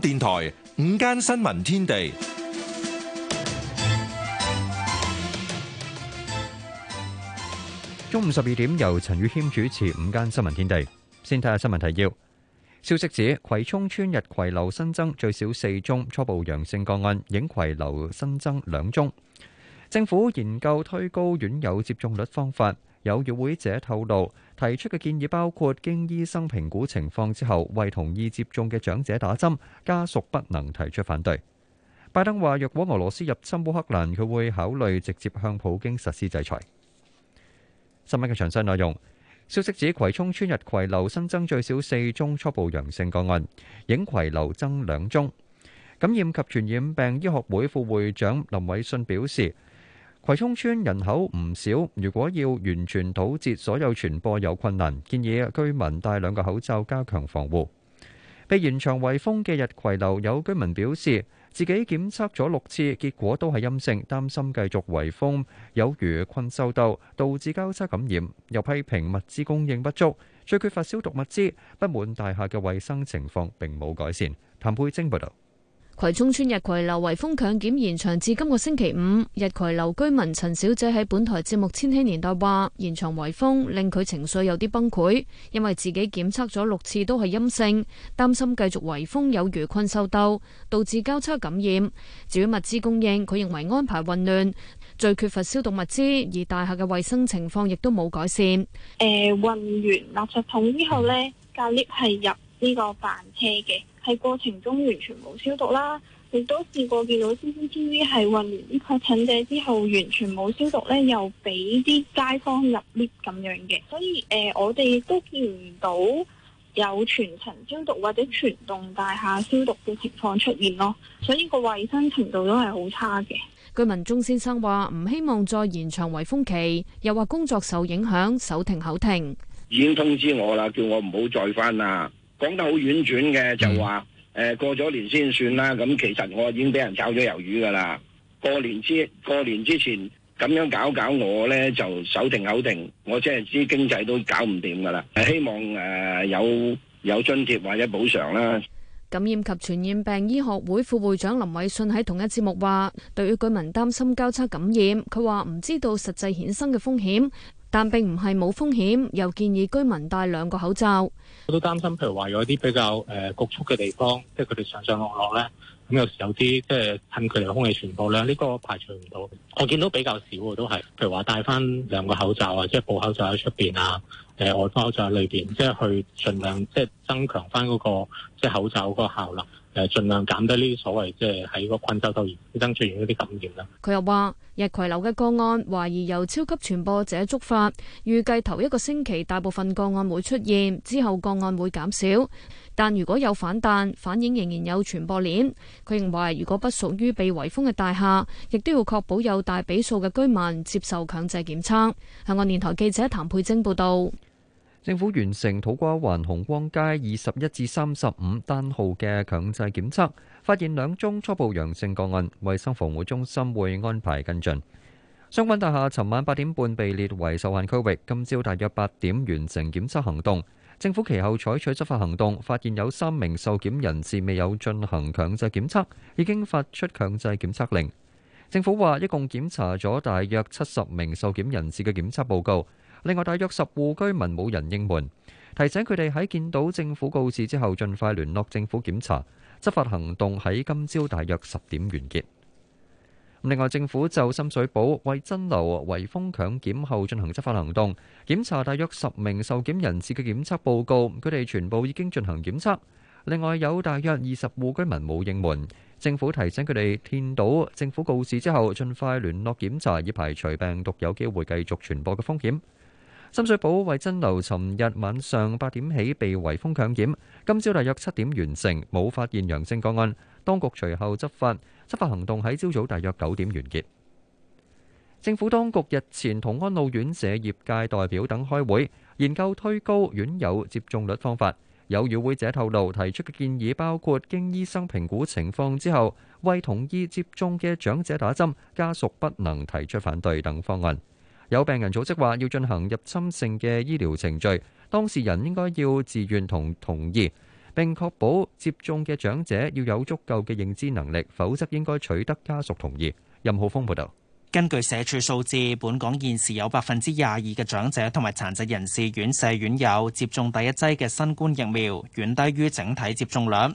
電台午間新聞天地，中午十二點由陳宇謙主持。午間新聞天地，先睇下新聞提要。消息指葵涌村日葵樓新增最少四宗初步陽性個案，映葵樓新增兩宗。政府研究推高院友接種率方法。有與會者透露，提出嘅建議包括經醫生評估情況之後，為同意接種嘅長者打針，家屬不能提出反對。拜登話：若果俄羅斯入侵烏克蘭，佢會考慮直接向普京實施制裁。新聞嘅詳細內容，消息指葵涌村日葵樓新增最少四宗初步陽性個案，影葵樓增兩宗。感染及傳染病醫學會副會長林偉信表示。葵涌村人口唔少，如果要完全堵截所有傳播有困難，建議居民戴兩個口罩加強防護。被延長圍封嘅日葵樓有居民表示，自己檢測咗六次，結果都係陰性，擔心繼續圍封有如困獸鬥，導致交叉感染。又批評物資供應不足，最缺乏消毒物資，不滿大廈嘅衛生情況並冇改善。譚佩晶報導。葵涌村日葵樓圍封強檢延長至今個星期五。日葵樓居民陳小姐喺本台節目《千禧年代》話，延長圍封令佢情緒有啲崩潰，因為自己檢測咗六次都係陰性，擔心繼續圍封有魚群收到，導致交叉感染。至於物資供應，佢認為安排混亂，最缺乏消毒物資，而大廈嘅衛生情況亦都冇改善。誒、呃，運完垃圾桶之後呢，隔 lift 係入呢個飯車嘅。喺過程中完全冇消毒啦，亦都試過見到 CCTV 係混亂啲確診者之後，完全冇消毒呢，又俾啲街坊入 lift 咁樣嘅，所以誒，我哋都見唔到有全層消毒或者全棟大廈消毒嘅情況出現咯，所以個衛生程度都係好差嘅。據文忠先生話，唔希望再延長圍封期，又話工作受影響，手停口停。已經通知我啦，叫我唔好再返啦。講得好婉轉嘅，就話誒過咗年先算啦。咁其實我已經俾人炒咗魷魚噶啦。過年之過年之前咁樣搞搞我呢，就手停口停，我淨係知經濟都搞唔掂噶啦。希望誒有有津貼或者補償啦。感染及傳染病醫學會副會長林偉信喺同一節目話，對於居民擔心交叉感染，佢話唔知道實際衍生嘅風險。但並唔係冇風險，又建議居民戴兩個口罩。我都擔心，譬如話有一啲比較誒局促嘅地方，即係佢哋上上落落咧，咁有時有啲即係近距離嘅空氣傳播咧，呢個排除唔到。我見到比較少，都係譬如話戴翻兩個口罩啊，即係布口罩喺出邊啊，誒外科口罩喺裏邊，即係去盡量即係增強翻嗰個即係口罩嗰個效能。誒，盡量減低呢啲所謂即係喺個困州出現、登出現嗰啲感染啦。佢又話：日葵樓嘅個案懷疑由超級傳播者觸發，預計頭一個星期大部分個案會出現，之後個案會減少。但如果有反彈，反應仍然有傳播鏈。佢認為，如果不屬於被圍封嘅大廈，亦都要確保有大比數嘅居民接受強制檢測。香港電台記者譚佩晶報道。政府完成土瓜灣紅光街二十一至三十五單號嘅強制檢測，發現兩宗初步陽性個案，衛生防護中心會安排跟進。相關大廈尋晚八點半被列為受限區域，今朝大約八點完成檢測行動。政府其後採取執法行動，發現有三名受檢人士未有進行強制檢測，已經發出強制檢測令。政府話，一共檢查咗大約七十名受檢人士嘅檢測報告。另外，大約十戶居民冇人應門，提醒佢哋喺見到政府告示之後，盡快聯絡政府檢查。執法行動喺今朝大約十點完結。另外，政府就深水埗惠真樓圍封強檢後進行執法行動，檢查大約十名受檢人士嘅檢測報告，佢哋全部已經進行檢測。另外，有大約二十戶居民冇應門，政府提醒佢哋見到政府告示之後，盡快聯絡檢查，以排除病毒有機會繼續傳播嘅風險。深水埗惠真樓，尋日晚上八點起被圍封強檢，今朝大約七點完成，冇發現陽性個案。當局隨後執法，執法行動喺朝早大約九點完結。政府當局日前同安老院舍業界代表等開會，研究推高院友接種率方法。有與會者透露，提出嘅建議包括經醫生評估情況之後，為同意接種嘅長者打針，家屬不能提出反對等方案。有病人組織話要進行入侵性嘅醫療程序，當事人應該要自願同同意，並確保接種嘅長者要有足夠嘅認知能力，否則應該取得家屬同意。任浩峰報導。根據社署數字，本港現時有百分之廿二嘅長者同埋殘疾人士院舍院友接種第一劑嘅新冠疫苗，遠低於整體接種量。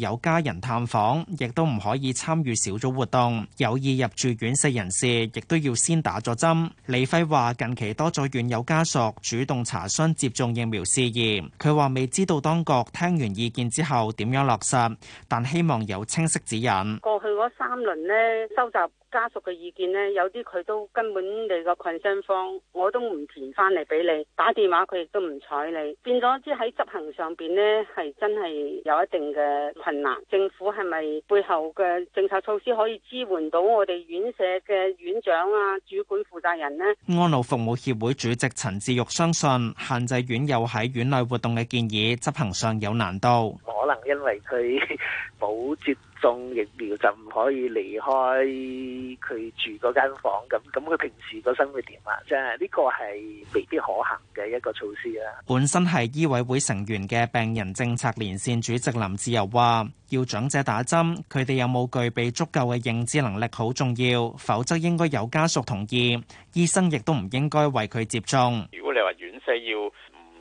有家人探訪，亦都唔可以參與小組活動。有意入住院舍人士，亦都要先打咗針。李輝話：近期多咗院友家屬主動查詢接種疫苗事宜。佢話未知道當局聽完意見之後點樣落實，但希望有清晰指引。過去嗰三輪呢，收集。家屬嘅意見呢，有啲佢都根本你個群箱方，我都唔填翻嚟俾你，打電話佢亦都唔睬你，變咗即喺執行上邊呢，係真係有一定嘅困難。政府係咪背後嘅政策措施可以支援到我哋院舍嘅院長啊、主管負責人呢？安老服務協會主席陳志玉相信限制院友喺院內活動嘅建議執行上有難度。可能因為佢冇接種疫苗，就唔可以離開佢住嗰間房咁，咁佢平時個生活點啊？即係呢個係未必可行嘅一個措施啦。本身係醫委會成員嘅病人政策連線主席林志釉話，要長者打針，佢哋有冇具備足夠嘅認知能力好重要，否則應該有家屬同意，醫生亦都唔應該為佢接種。如果你話院舍要。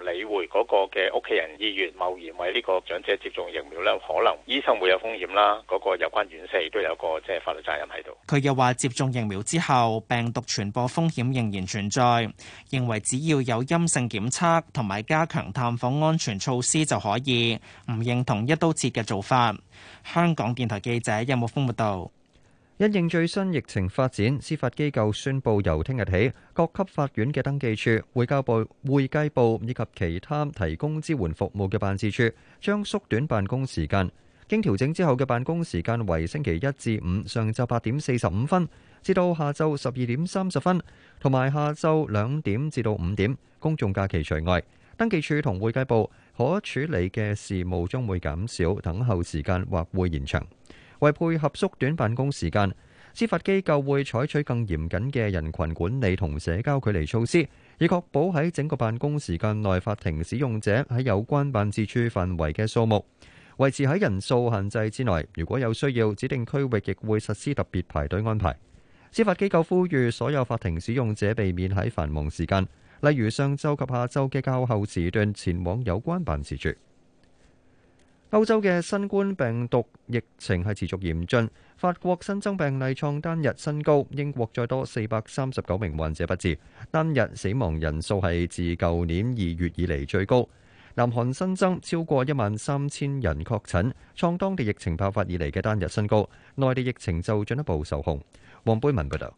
理會嗰個嘅屋企人意願，貿然為呢個長者接種疫苗咧，可能醫生會有風險啦。嗰、那個有關院舍都有個即係法律責任喺度。佢又話接種疫苗之後病毒傳播風險仍然存在，認為只要有陰性檢測同埋加強探訪安全措施就可以，唔認同一刀切嘅做法。香港電台記者任木峯報道。因應最新疫情發展，司法機構宣布由聽日起，各級法院嘅登記處、會交部、會計部以及其他提供支援服務嘅辦事處，將縮短辦公時間。經調整之後嘅辦公時間為星期一至五上晝八點四十五分至到下晝十二點三十分，同埋下晝兩點至到五點（公眾假期除外）。登記處同會計部可處理嘅事務將會減少，等候時間或會延長。為配合縮短辦公時間，司法機構會採取更嚴謹嘅人群管理同社交距離措施，以確保喺整個辦公時間內，法庭使用者喺有關辦事處範圍嘅數目維持喺人數限制之內。如果有需要，指定區域亦會實施特別排隊安排。司法機構呼籲所有法庭使用者避免喺繁忙時間，例如上週及下週嘅較後時段前往有關辦事處。歐洲嘅新冠病毒疫情係持續嚴峻，法國新增病例創單日新高，英國再多四百三十九名患者不治，單日死亡人數係自舊年二月以嚟最高。南韓新增超過一萬三千人確診，創當地疫情爆發以嚟嘅單日新高。內地疫情就進一步受控。黃貝文報導。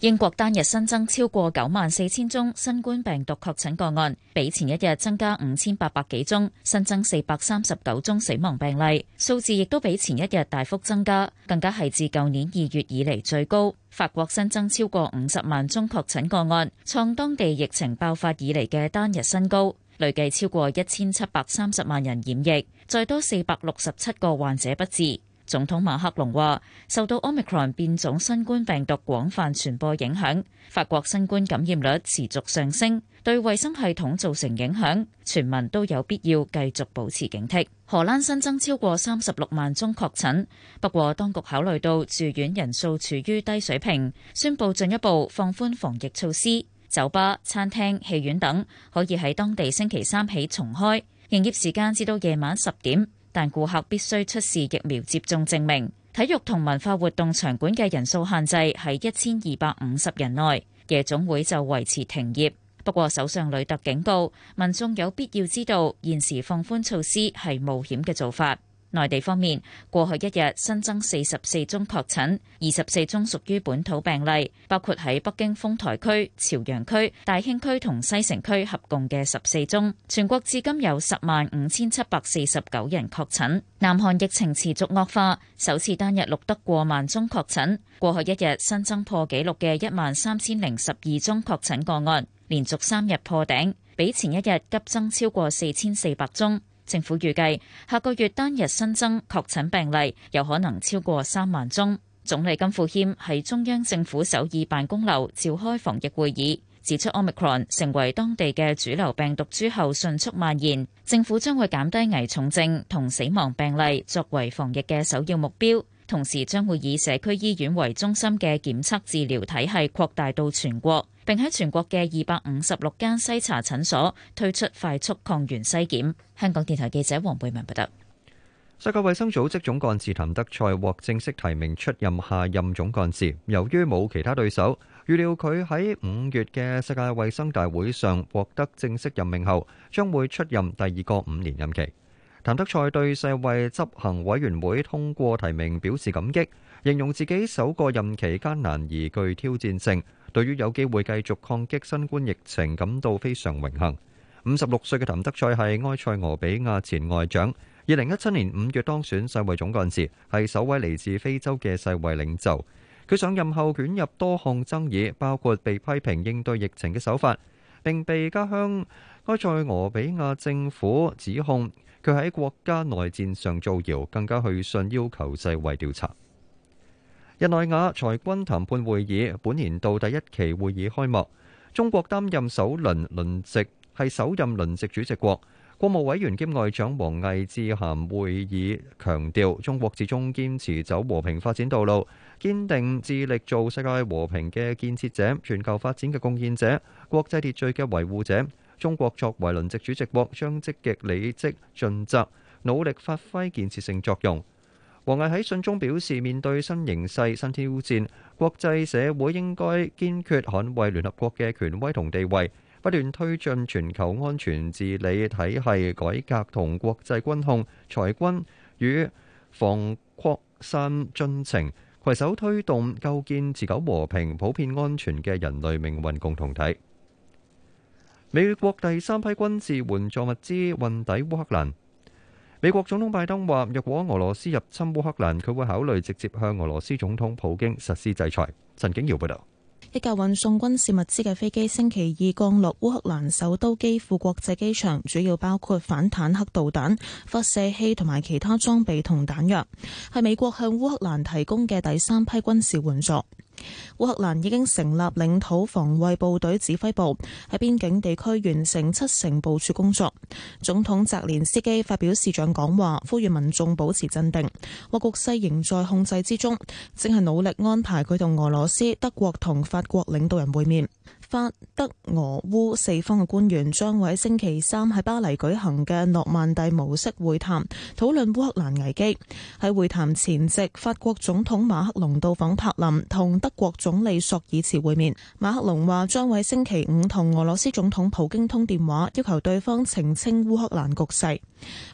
英國單日新增超過九萬四千宗新冠病毒確診個案，比前一日增加五千八百幾宗，新增四百三十九宗死亡病例，數字亦都比前一日大幅增加，更加係自舊年二月以嚟，最高。法國新增超過五十萬宗確診個案，創當地疫情爆發以嚟嘅單日新高，累計超過一千七百三十萬人染疫，再多四百六十七個患者不治。總統馬克龍話，受到 Omicron 變種新冠病毒廣泛傳播影響，法國新冠感染率持續上升，對衛生系統造成影響，全民都有必要繼續保持警惕。荷蘭新增超過三十六萬宗確診，不過當局考慮到住院人數處於低水平，宣佈進一步放寬防疫措施，酒吧、餐廳、戲院等可以喺當地星期三起重開，營業時間至到夜晚十點。但顧客必須出示疫苗接種證明。體育同文化活動場館嘅人數限制係一千二百五十人內。夜總會就維持停業。不過首相呂特警告，民眾有必要知道現時放寬措施係冒險嘅做法。內地方面，過去一日新增四十四宗確診，二十四宗屬於本土病例，包括喺北京豐台區、朝陽區、大興區同西城區合共嘅十四宗。全國至今有十萬五千七百四十九人確診。南韓疫情持續惡化，首次單日錄得過萬宗確診。過去一日新增破紀錄嘅一萬三千零十二宗確診個案，連續三日破頂，比前一日急增超過四千四百宗。政府預計下個月單日新增確診病例有可能超過三萬宗。總理金富謙喺中央政府首爾辦公樓召開防疫會議，指出 Omicron 成為當地嘅主流病毒之後迅速蔓延，政府將會減低危重症同死亡病例作為防疫嘅首要目標，同時將會以社區醫院為中心嘅檢測治療體系擴大到全國。並喺全國嘅二百五十六間篩查診所推出快速抗原篩檢。香港電台記者黃貝文報道。世界衛生組織總幹事譚德塞獲正式提名出任下任總幹事，由於冇其他對手，預料佢喺五月嘅世界衛生大會上獲得正式任命後，將會出任第二個五年任期。譚德塞對世衛執行委員會通過提名表示感激。形容自己首個任期艱難而具挑戰性，對於有機會繼續抗擊新冠疫情感到非常榮幸。五十六歲嘅譚德塞係埃塞俄比亞前外長，二零一七年五月當選世衛總幹事，係首位嚟自非洲嘅世衛領袖。佢上任後捲入多項爭議，包括被批評應對疫情嘅手法，並被家鄉埃塞俄比亞政府指控佢喺國家內戰上造謠，更加去信要求世衛調查。日內瓦裁軍談判會議本年度第一期會議開幕，中國擔任首輪輪值，係首任輪值主席國。國務委員兼外長王毅致函會議，強調中國始終堅持走和平發展道路，堅定致力做世界和平嘅建設者、全球發展嘅貢獻者、國際秩序嘅維護者。中國作為輪值主席國，將積極履職盡責，努力發揮建設性作用。王毅喺信中表示，面對新形勢、新挑戰，國際社會應該堅決捍衛聯合國嘅權威同地位，不斷推進全球安全治理體系改革同國際軍控、裁軍與防擴散進程，攜手推動構建持久和平、普遍安全嘅人類命運共同體。美國第三批軍事援助物資運抵烏克蘭。美國總統拜登話：若果俄羅斯入侵烏克蘭，佢會考慮直接向俄羅斯總統普京實施制裁。陳景堯報道：一架運送軍事物資嘅飛機星期二降落烏克蘭首都基輔國際機場，主要包括反坦克導彈發射器同埋其他裝備同彈藥，係美國向烏克蘭提供嘅第三批軍事援助。烏克蘭已經成立領土防衛部隊指揮部，喺邊境地區完成七成部署工作。總統澤連斯基發表市長講話，呼籲民眾保持鎮定，話局勢仍在控制之中，正係努力安排佢同俄羅斯、德國同法國領導人會面。法德俄烏四方嘅官員將會星期三喺巴黎舉行嘅諾曼第模式會談討論烏克蘭危機。喺會談前夕，法國總統馬克龍到訪柏林，同德國總理索爾茨會面。馬克龍話將會星期五同俄羅斯總統普京通電話，要求對方澄清烏克蘭局勢。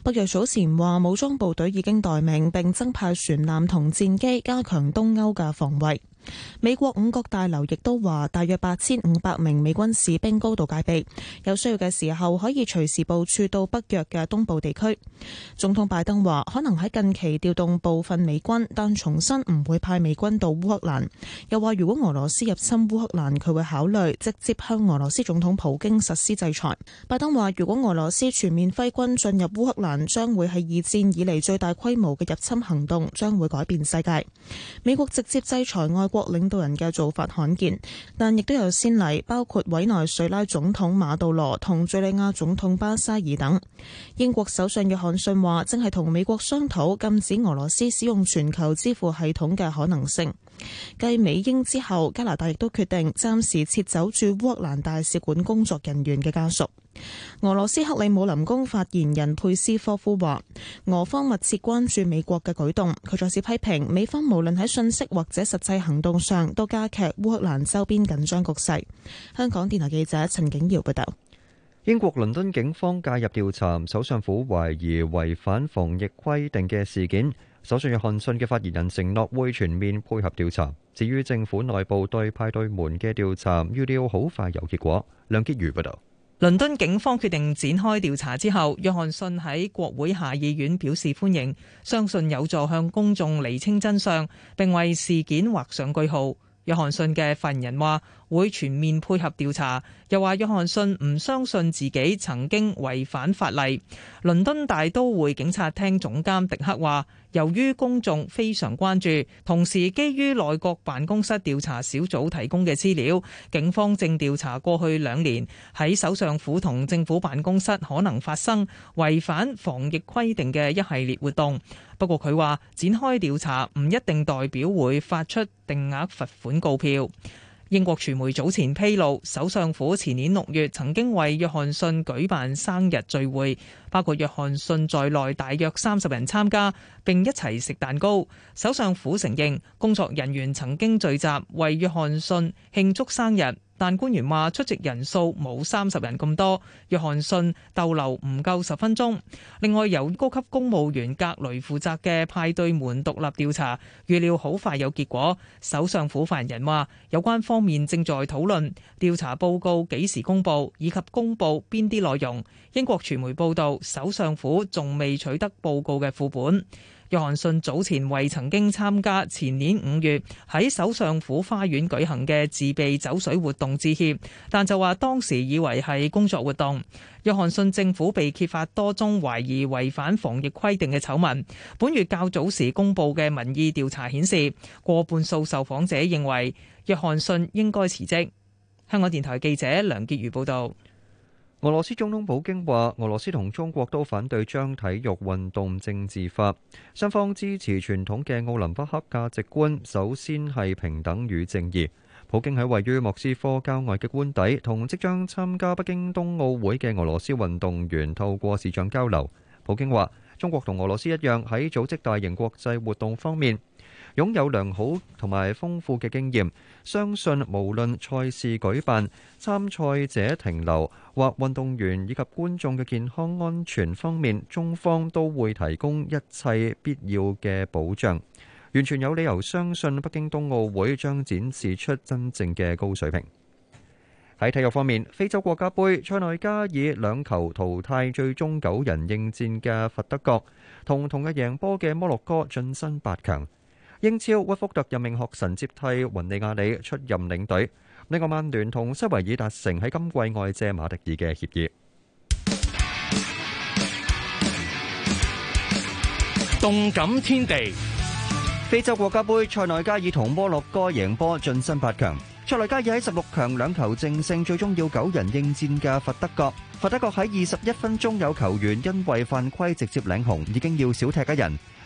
北約早前話武裝部隊已經待命，并增派船艦同戰機加強東歐嘅防衛。美國五角大樓亦都話，大約八千五百名美軍士兵高度戒備，有需要嘅時候可以隨時部署到北約嘅東部地區。總統拜登話，可能喺近期調動部分美軍，但重申唔會派美軍到烏克蘭。又話如果俄羅斯入侵烏克蘭，佢會考慮直接向俄羅斯總統普京實施制裁。拜登話，如果俄羅斯全面揮軍進入烏克蘭，將會係二戰以嚟最大規模嘅入侵行動，將會改變世界。美國直接制裁外國。國領導人嘅做法罕見，但亦都有先例，包括委內瑞拉總統馬杜羅同敘利亞總統巴沙爾等。英國首相約翰遜話，正係同美國商討禁止俄羅斯使用全球支付系統嘅可能性。繼美英之後，加拿大亦都決定暫時撤走駐烏克蘭大使館工作人員嘅家屬。俄羅斯克里姆林宮發言人佩斯科夫話：俄方密切關注美國嘅舉動，佢再次批評美方無論喺信息或者實際行動上都加劇烏克蘭周邊緊張局勢。香港電台記者陳景堯報道。英國倫敦警方介入調查首相府懷疑違反防疫規定嘅事件。首相約翰遜嘅發言人承諾會全面配合調查。至於政府內部對派對門嘅調查，預料好快有結果。梁潔如報道，倫敦警方決定展開調查之後，約翰遜喺國會下議院表示歡迎，相信有助向公眾厘清真相，並為事件畫上句號。約翰遜嘅發言人話。會全面配合調查，又話約翰遜唔相信自己曾經違反法例。倫敦大都會警察廳總監迪克話，由於公眾非常關注，同時基於內閣辦公室調查小組提供嘅資料，警方正調查過去兩年喺首相府同政府辦公室可能發生違反防疫規定嘅一系列活動。不過佢話，展開調查唔一定代表會發出定額罰款告票。英國傳媒早前披露，首相府前年六月曾經為約翰遜舉辦生日聚會，包括約翰遜在內大約三十人參加，並一齊食蛋糕。首相府承認工作人員曾經聚集為約翰遜慶慶祝生日。但官員話出席人數冇三十人咁多，約翰遜逗留唔夠十分鐘。另外，由高級公務員格雷負責嘅派對門獨立調查預料好快有結果。首相府發言人話有關方面正在討論調查報告幾時公佈以及公佈邊啲內容。英國傳媒報道首相府仲未取得報告嘅副本。約翰遜早前為曾經參加前年五月喺首相府花園舉行嘅自備酒水活動致歉，但就話當時以為係工作活動。約翰遜政府被揭發多宗懷疑違反防疫規定嘅醜聞。本月較早時公布嘅民意調查顯示，過半數受訪者認為約翰遜應該辭職。香港電台記者梁潔如報道。俄羅斯總統普京話：俄羅斯同中國都反對將體育運動政治化，雙方支持傳統嘅奧林匹克價值觀，首先係平等與正義。普京喺位於莫斯科郊外嘅官邸，同即將參加北京冬奧會嘅俄羅斯運動員透過視像交流。普京話：中國同俄羅斯一樣，喺組織大型國際活動方面，擁有良好同埋豐富嘅經驗，相信無論賽事舉辦、參賽者停留或運動員以及觀眾嘅健康安全方面，中方都會提供一切必要嘅保障。完全有理由相信北京冬奧會將展示出真正嘅高水平。喺體育方面，非洲國家杯塞內加爾兩球淘汰最終九人應戰嘅佛得角，同同日贏波嘅摩洛哥晉身八強。英超屈福特任命學神接替雲尼亞里出任領隊。另外，曼聯同西維爾達成喺今季外借馬迪爾嘅協議。動感天地，非洲國家杯塞內加爾同摩洛哥贏波晉身八強。塞內加爾喺十六強兩球淨勝，最終要九人應戰嘅佛得角。佛得角喺二十一分鐘有球員因為犯規直接領紅，已經要少踢一人。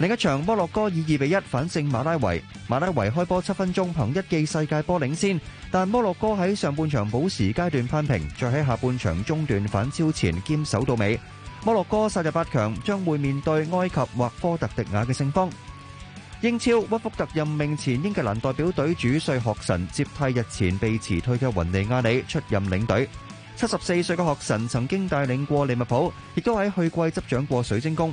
另一場摩洛哥以二比一反勝馬拉維，馬拉維開波七分鐘憑一記世界波領先，但摩洛哥喺上半場補時階段翻平，再喺下半場中段反超前堅守到尾。摩洛哥殺入八強，將會面對埃及或科特迪瓦嘅勝方。英超屈福特任命前英格蘭代表隊主帥賀臣接替日前被辭退嘅雲尼亞利出任領隊。七十四歲嘅賀臣曾經帶領過利物浦，亦都喺去季執掌過水晶宮。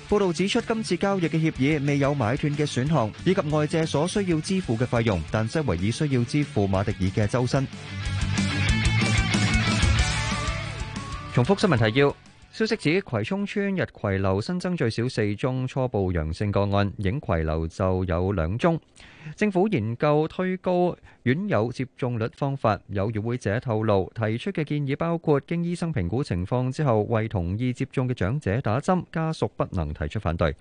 報道指出，今次交易嘅協議未有買斷嘅選項，以及外借所需要支付嘅費用，但西維爾需要支付馬迪爾嘅週薪。重複新聞提要。消息指葵涌邨日葵樓新增最少四宗初步陽性個案，映葵樓就有兩宗。政府研究推高院友接種率方法，有與會者透露提出嘅建議包括經醫生評估情況之後，為同意接種嘅長者打針，家屬不能提出反對。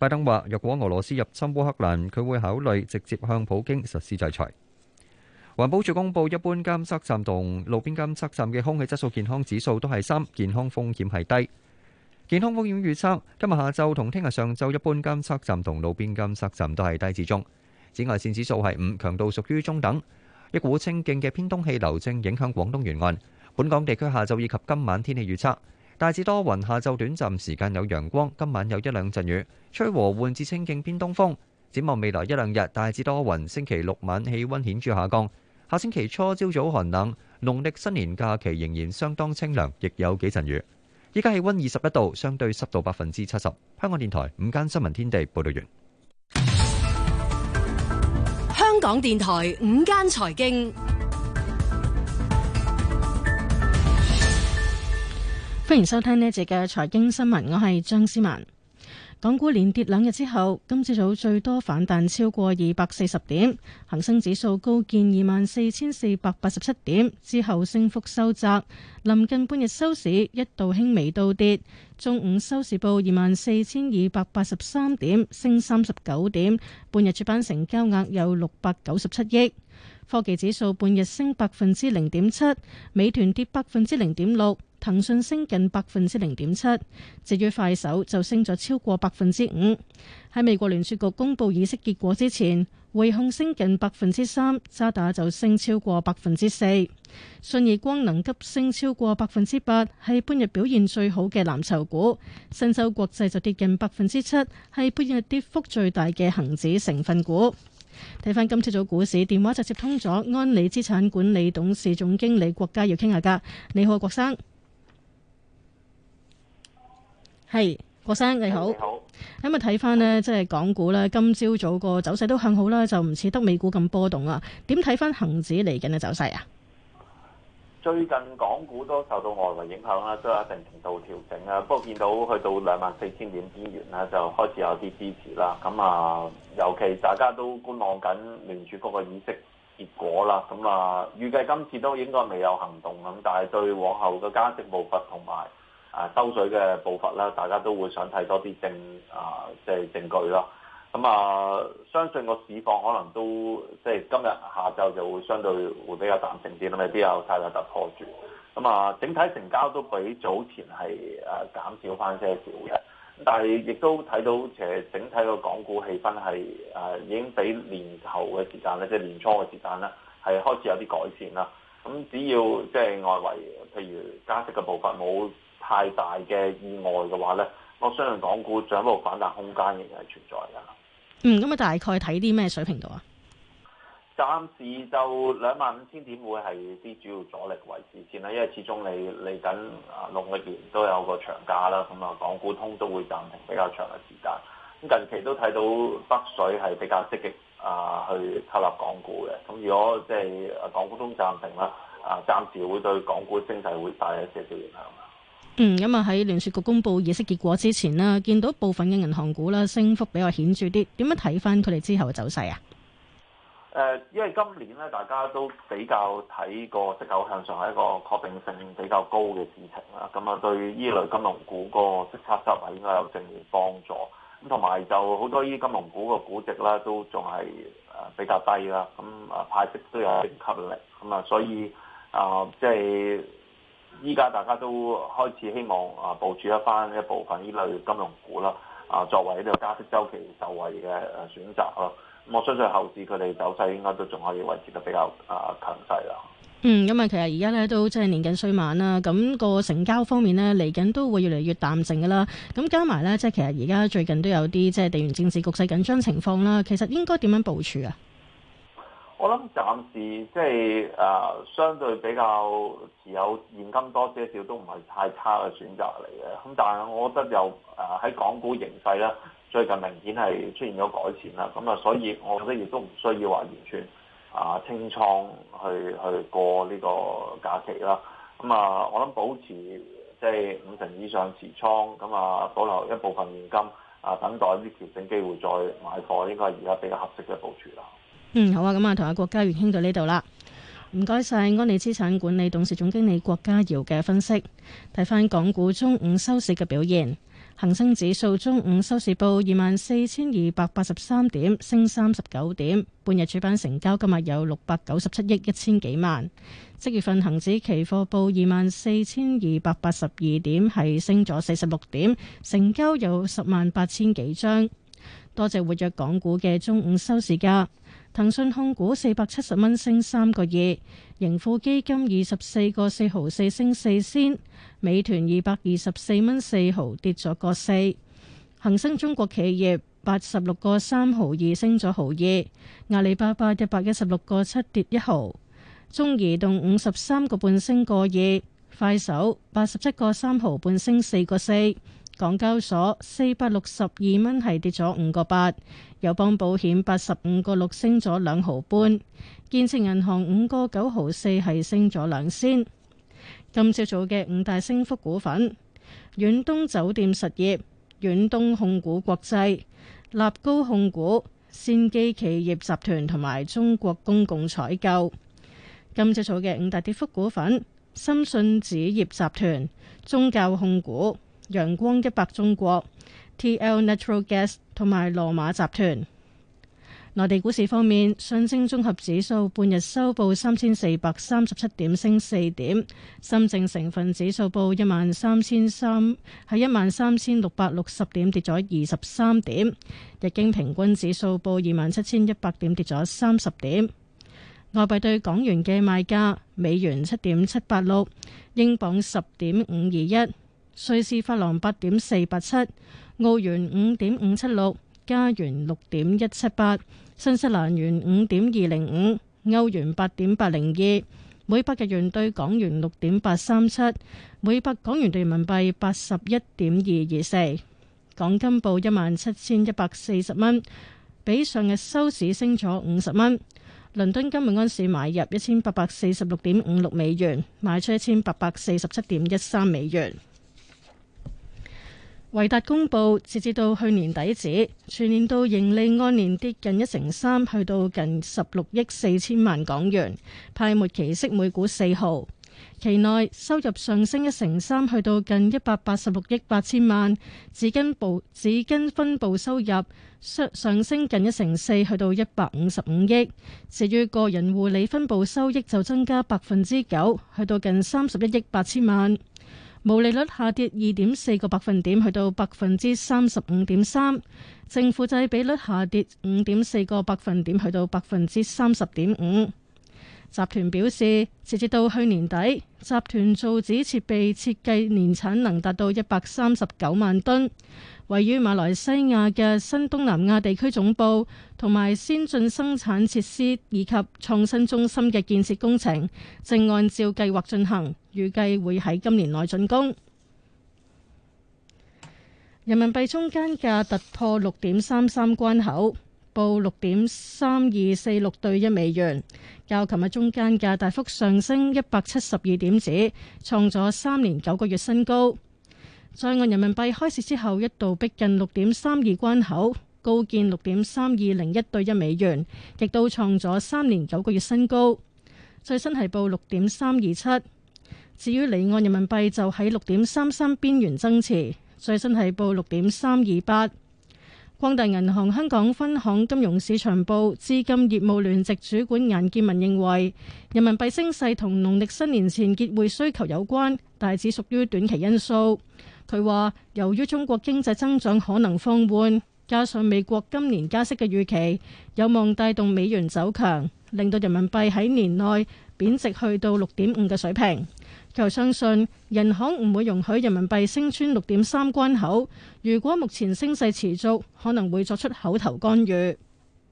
拜登話：若果俄羅斯入侵烏克蘭，佢會考慮直接向普京實施制裁。環保署公布，一般監測站同路邊監測站嘅空氣質素健康指數都係三，健康風險係低。健康風險預測，今日下晝同聽日上晝，一般監測站同路邊監測站都係低至中。紫外線指數係五，強度屬於中等。一股清勁嘅偏東氣流正影響廣東沿岸，本港地區下晝以及今晚天氣預測，大致多雲，下晝短暫時間有陽光，今晚有一兩陣雨，吹和緩至清勁偏東風。展望未來一兩日，大致多雲，星期六晚氣溫顯著下降。下星期初朝早寒冷，農曆新年假期仍然相當清涼，亦有幾陣雨。依家氣温二十一度，相對濕度百分之七十。香港電台午間新聞天地報道完。香港電台午間財經，歡迎收聽呢一節嘅財經新聞，我係張思文。港股連跌兩日之後，今朝早最多反彈超過二百四十點，恒生指數高見二萬四千四百八十七點，之後升幅收窄，臨近半日收市一度輕微倒跌，中午收市報二萬四千二百八十三點，升三十九點，半日主板成交額有六百九十七億，科技指數半日升百分之零點七，美團跌百分之零點六。騰訊升近百分之零點七，至於快手就升咗超過百分之五。喺美國聯儲局公布議息結果之前，匯控升近百分之三，渣打就升超過百分之四。信義光能急升超過百分之八，係半日表現最好嘅藍籌股。新洲國際就跌近百分之七，係半日跌幅最大嘅恒指成分股。睇翻今朝早股市電話就接通咗安理資產管理董事總經理郭家。要傾下㗎。你好，郭生。係，郭、hey，生你好。你好，咁啊睇翻呢，即係港股咧，今朝早個走勢都向好啦，就唔似得美股咁波動啊。點睇翻恒指嚟緊嘅走勢啊？最近港股都受到外圍影響啦，都有一定程度調整啦。不過見到去到兩萬四千點之源咧，就開始有啲支持啦。咁啊，尤其大家都觀望緊聯儲局嘅議息結果啦。咁啊，預計今次都應該未有行動咁，但係對往後嘅加息步伐同埋。啊，收水嘅步伐啦，大家都會想睇多啲證啊，即係證據咯。咁啊，相信個市況可能都即係今日下晝就會相對會比較淡定啲啦，未必有太大突破住。咁啊，整體成交都比早前係啊減少翻些少嘅。但係亦都睇到，其實整體個港股氣氛係啊已經比年頭嘅時間咧，即係年初嘅時間啦，係開始有啲改善啦。咁只要即係外圍譬如加息嘅步伐冇，太大嘅意外嘅話咧，我相信港股進一步反彈空間仍然係存在嘅。嗯，咁啊，大概睇啲咩水平度啊？暫時就兩萬五千點會係啲主要阻力位置先啦，因為始終你嚟緊啊農曆年都有個長假啦，咁啊港股通都會暫停比較長嘅時間。咁近期都睇到北水係比較積極啊去吸納港股嘅，咁如果即係港股通暫停啦，啊、呃、暫時會對港股升勢會帶有少少影響。嗯，咁啊喺聯儲局公布議息結果之前啦，見到部分嘅銀行股啦升幅比較顯著啲，點樣睇返佢哋之後嘅走勢啊？誒，因為今年咧，大家都比較睇個息口向上係一個確定性比較高嘅事情啦，咁啊對依類金融股個息差失位應該有正面幫助。咁同埋就好多依啲金融股個估值啦，都仲係誒比較低啦，咁啊派息都有吸引力，咁啊所以啊、呃、即係。依家大家都開始希望啊部署一番一部分呢類金融股啦，啊作為呢個加息周期受惠嘅選擇咯。咁、啊、我相信後市佢哋走勢應該都仲可以維持得比較啊強勢啦、嗯。嗯，因為其實而家咧都即係年近歲晚啦，咁、個成交方面咧嚟緊都會越嚟越淡靜噶啦。咁加埋咧，即係其實而家最近都有啲即係地緣政治局勢緊張情況啦。其實應該點樣部署啊？我諗暫時即係誒、啊、相對比較持有現金多些少都唔係太差嘅選擇嚟嘅。咁但係我覺得又誒喺、啊、港股形勢咧，最近明顯係出現咗改善啦。咁、嗯、啊，所以我覺得亦都唔需要話完全啊清倉去去過呢個假期啦。咁、嗯、啊，我諗保持即係五成以上持倉，咁、嗯、啊保留一部分現金啊，等待啲調整機會再買貨，應該係而家比較合適嘅部署啦。嗯，好啊。咁啊，同阿郭家元傾到呢度啦。唔該晒，安利資產管理董事總經理郭家堯嘅分析睇翻港股中午收市嘅表現。恒生指數中午收市報二萬四千二百八十三點，升三十九點。半日主板成交今日有六百九十七億一千幾萬。即月份恒指期貨報二萬四千二百八十二點，係升咗四十六點，成交有十萬八千幾張。多謝活躍港股嘅中午收市價。騰訊控股四百七十蚊升三個二，盈富基金二十四個四毫四升四仙，美團二百二十四蚊四毫跌咗個四，恒生中國企業八十六個三毫二升咗毫二，阿里巴巴一百一十六個七跌一毫，中移動五十三個半升個二，快手八十七個三毫半升四個四，港交所四百六十二蚊係跌咗五個八。友邦保險八十五個六升咗兩毫半，建設銀行五個九毫四係升咗兩仙。今朝早嘅五大升幅股份：遠東酒店實業、遠東控股國際、立高控股、先機企業集團同埋中國公共採購。今朝早嘅五大跌幅股份：深信紙業集團、宗教控股、陽光一百中國、T. L. Natural Gas 同埋羅馬集團。內地股市方面，上證綜合指數半日收報三千四百三十七點，升四點，深證成分指數報一萬三千三係一萬三千六百六十點，跌咗二十三點，日經平均指數報二萬七千一百點，跌咗三十點。外幣對港元嘅賣價：美元七點七八六，英鎊十點五二一，瑞士法郎八點四八七。澳元五點五七六，加元六點一七八，新西蘭元五點二零五，歐元八點八零二，每百日元兌港元六點八三七，每百港元兌人民幣八十一點二二四。港金報一萬七千一百四十蚊，比上日收市升咗五十蚊。倫敦金每安士買入一千八百四十六點五六美元，賣出一千八百四十七點一三美元。維達公布，截至到去年底止，全年度盈利按年跌近一成三，去到近十六億四千萬港元，派末期息每股四毫。期內收入上升一成三，去到近一百八十六億八千萬，紙巾部，紙巾分部收入上升近一成四，去到一百五十五億。至於個人護理分部收益就增加百分之九，去到近三十一億八千萬。毛利率下跌二點四個百分點，去到百分之三十五點三；淨負債比率下跌五點四個百分點，去到百分之三十點五。集團表示，直至到去年底，集團造紙設備設計年產能達到一百三十九萬噸。位於馬來西亞嘅新東南亞地區總部同埋先進生產設施以及創新中心嘅建設工程，正按照計劃進行，預計會喺今年內竣工。人民幣中間價突破六點三三關口，報六點三二四六對一美元，較琴日中間價大幅上升一百七十二點子，創咗三年九個月新高。在岸人民幣開市之後，一度逼近六點三二關口，高見六點三二零一對一美元，亦都創咗三年九個月新高。最新係報六點三二七。至於離岸人民幣就喺六點三三邊緣增持，最新係報六點三二八。光大銀行香港分行金融市場部資金業務聯席主管顏建文認為，人民幣升勢同農曆新年前結匯需求有關，但係只屬於短期因素。佢話：由於中國經濟增長可能放緩，加上美國今年加息嘅預期，有望帶動美元走強，令到人民幣喺年內貶值去到六點五嘅水平。佢相信人行唔會容許人民幣升穿六點三關口。如果目前升勢持續，可能會作出口頭干預。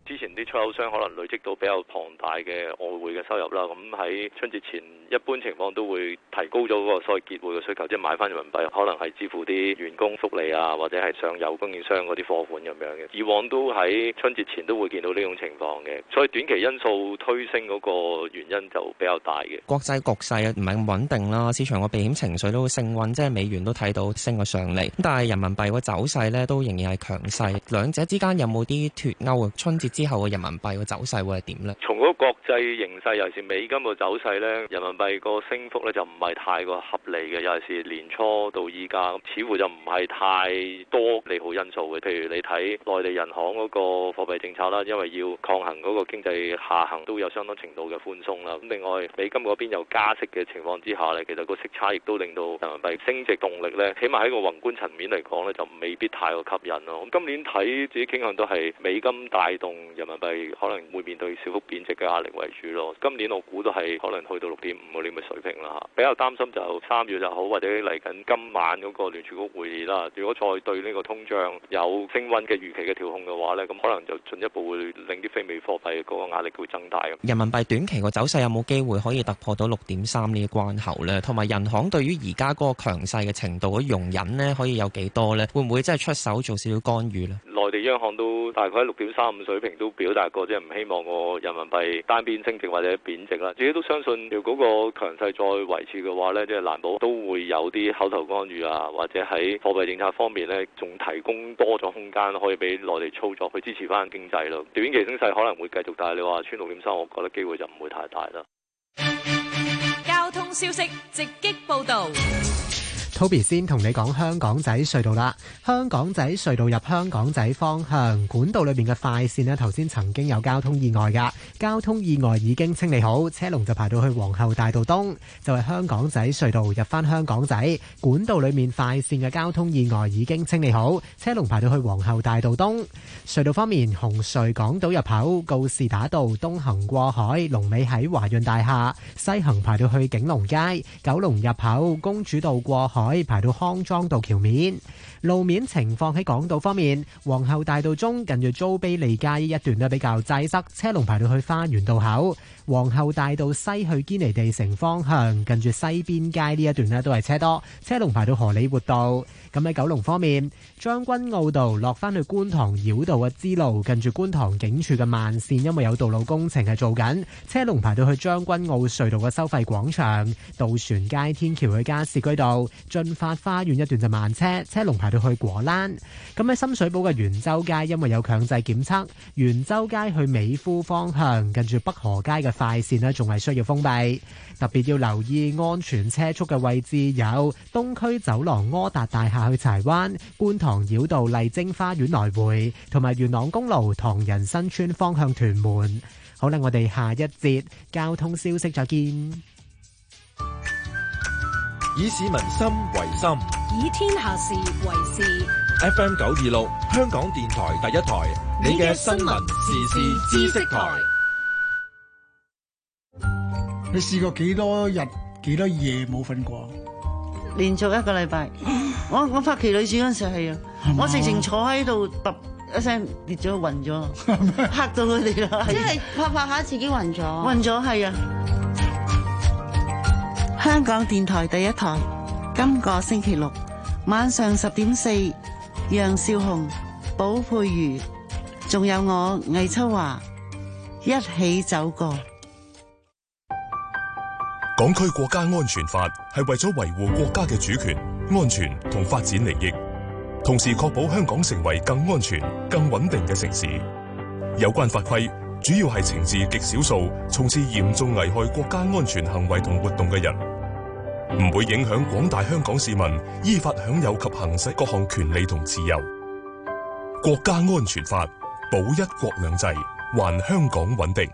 之前啲出口商可能累積到比較龐大嘅外匯嘅收入啦。咁喺春節前，一般情況都會提高咗個所謂結匯嘅需求，即係買翻人民幣，可能係支付啲員工福利啊，或者係上游供應商嗰啲貨款咁樣嘅。以往都喺春節前都會見到呢種情況嘅，所以短期因素推升嗰個原因就比較大嘅。國際局勢唔係咁穩定啦，市場個避險情緒都會升溫，即係美元都睇到升咗上嚟。但係人民幣嘅走勢咧都仍然係強勢，兩者之間有冇啲脫鈎？春節之後嘅人民幣嘅走勢會係點呢？從嗰個國際形勢尤其是美金嘅走勢咧，人民。咪個升幅咧就唔係太過合理嘅，尤其是年初到依家，似乎就唔係太多利好因素嘅。譬如你睇內地人行嗰個貨幣政策啦，因為要抗衡嗰個經濟下行，都有相當程度嘅寬鬆啦。咁另外美金嗰邊有加息嘅情況之下呢，其實個息差亦都令到人民幣升值動力呢，起碼喺個宏觀層面嚟講呢，就未必太過吸引咯。咁今年睇自己傾向都係美金帶動人民幣，可能會面對小幅貶值嘅壓力為主咯。今年我估都係可能去到六點五。冇呢個水平啦嚇，比較擔心就三月就好，或者嚟緊今晚嗰個聯儲局會議啦。如果再對呢個通脹有升溫嘅預期嘅調控嘅話咧，咁可能就進一步會令啲非美貨幣嗰個壓力會增大。人民幣短期個走勢有冇機會可以突破到六點三呢個關口咧？同埋人行對於而家嗰個強勢嘅程度嘅容忍咧，可以有幾多咧？會唔會真係出手做少少干預咧？內地央行都大概喺六點三五水平都表達過，即係唔希望個人民幣單邊升值或者貶值啦。自己都相信，若、嗰個如果強勢再維持嘅話呢，即係難保都會有啲口頭干預啊，或者喺貨幣政策方面呢，仲提供多咗空間可以俾內地操作去支持翻經濟咯。短期升勢可能會繼續，但係你話穿六點三，我覺得機會就唔會太大啦。交通消息直擊報導。Toby 先同你講香港仔隧道啦，香港仔隧道入香港仔方向管道裏面嘅快線呢，頭先曾經有交通意外嘅，交通意外已經清理好，車龍就排到去皇后大道東，就係香港仔隧道入返香港仔管道裏面快線嘅交通意外已經清理好，車龍排到去皇后大道東。隧道方面，紅隧港島入口告士打道東行過海，龍尾喺華潤大廈；西行排到去景隆街，九龍入口公主道過海。可以排到康莊道橋面。路面情況喺港島方面，皇后大道中近住租庇利街一段都比較擠塞，車龍排到去花園道口。皇后大道西去堅尼地城方向，近住西邊街呢一段咧都係車多，車龍排到荷里活道。咁、嗯、喺九龍方面，將軍澳道落翻去觀塘繞道嘅支路，近住觀塘警署嘅慢線，因為有道路工程係做緊，車龍排到去將軍澳隧道嘅收費廣場，渡船街天橋去加士居道、進發花園一段就慢車，車龍排到去果欄。咁、嗯、喺、嗯、深水埗嘅圓洲街，因為有強制檢測，圓洲街去美孚方向，近住北河街嘅快線咧，仲係需要封閉，特別要留意安全車速嘅位置有東區走廊柯達大廈去柴灣、觀塘繞道麗晶花園來回，同埋元朗公路唐人新村方向屯門。好啦，我哋下一節交通消息再見。以市民心為心，以天下事為事。FM 九二六，香港電台第一台，你嘅新聞時事知識台。你試過幾多日幾多夜冇瞓過？連續一個禮拜，我我拍奇女子嗰陣時係啊，我，嗎我直情坐喺度揼一聲跌咗暈咗，吓 到佢哋咯，即係拍拍下自己暈咗。暈咗係啊！香港電台第一台，今個星期六晚上十點四，楊少紅、寶佩瑜，仲有我魏秋華，一起走過。港區國家安全法係為咗維護國家嘅主權、安全同發展利益，同時確保香港成為更安全、更穩定嘅城市。有關法規主要係懲治極少數從事嚴重危害國家安全行為同活動嘅人，唔會影響廣大香港市民依法享有及行使各項權利同自由。國家安全法，保一國兩制，還香港穩定。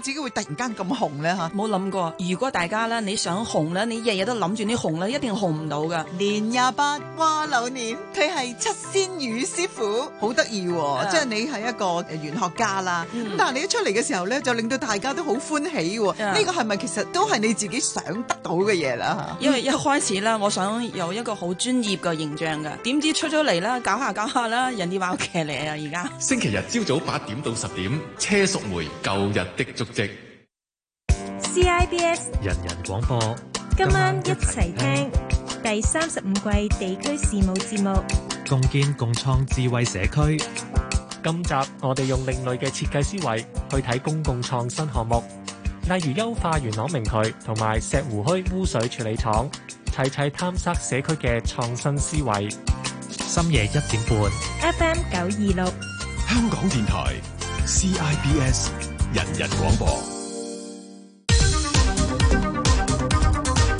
自己會突然間咁紅咧吓，冇諗過。如果大家咧，你想紅咧，你日日都諗住啲紅咧，一定紅唔到噶。年廿八哇，流年佢係七仙羽師傅，好得意。即係你係一個玄學家啦，但係你一出嚟嘅時候咧，就令到大家都好歡喜。呢個係咪其實都係你自己想得到嘅嘢啦吓？因為一開始啦，我想有一個好專業嘅形象噶，點知出咗嚟啦，搞下搞下啦，人哋話我騎靚啊！而家星期日朝早八點到十點，車淑梅舊日的足 CIBS 人人廣播，今晚一齊聽第三十五季地區事務節目，共建共創智慧社區。今集我哋用另類嘅設計思維去睇公共創新項目，例如優化元朗明渠同埋石湖墟污水處理廠，齊齊探索社區嘅創新思維。深夜一點半，FM 九二六，香港電台 CIBS。人人廣播。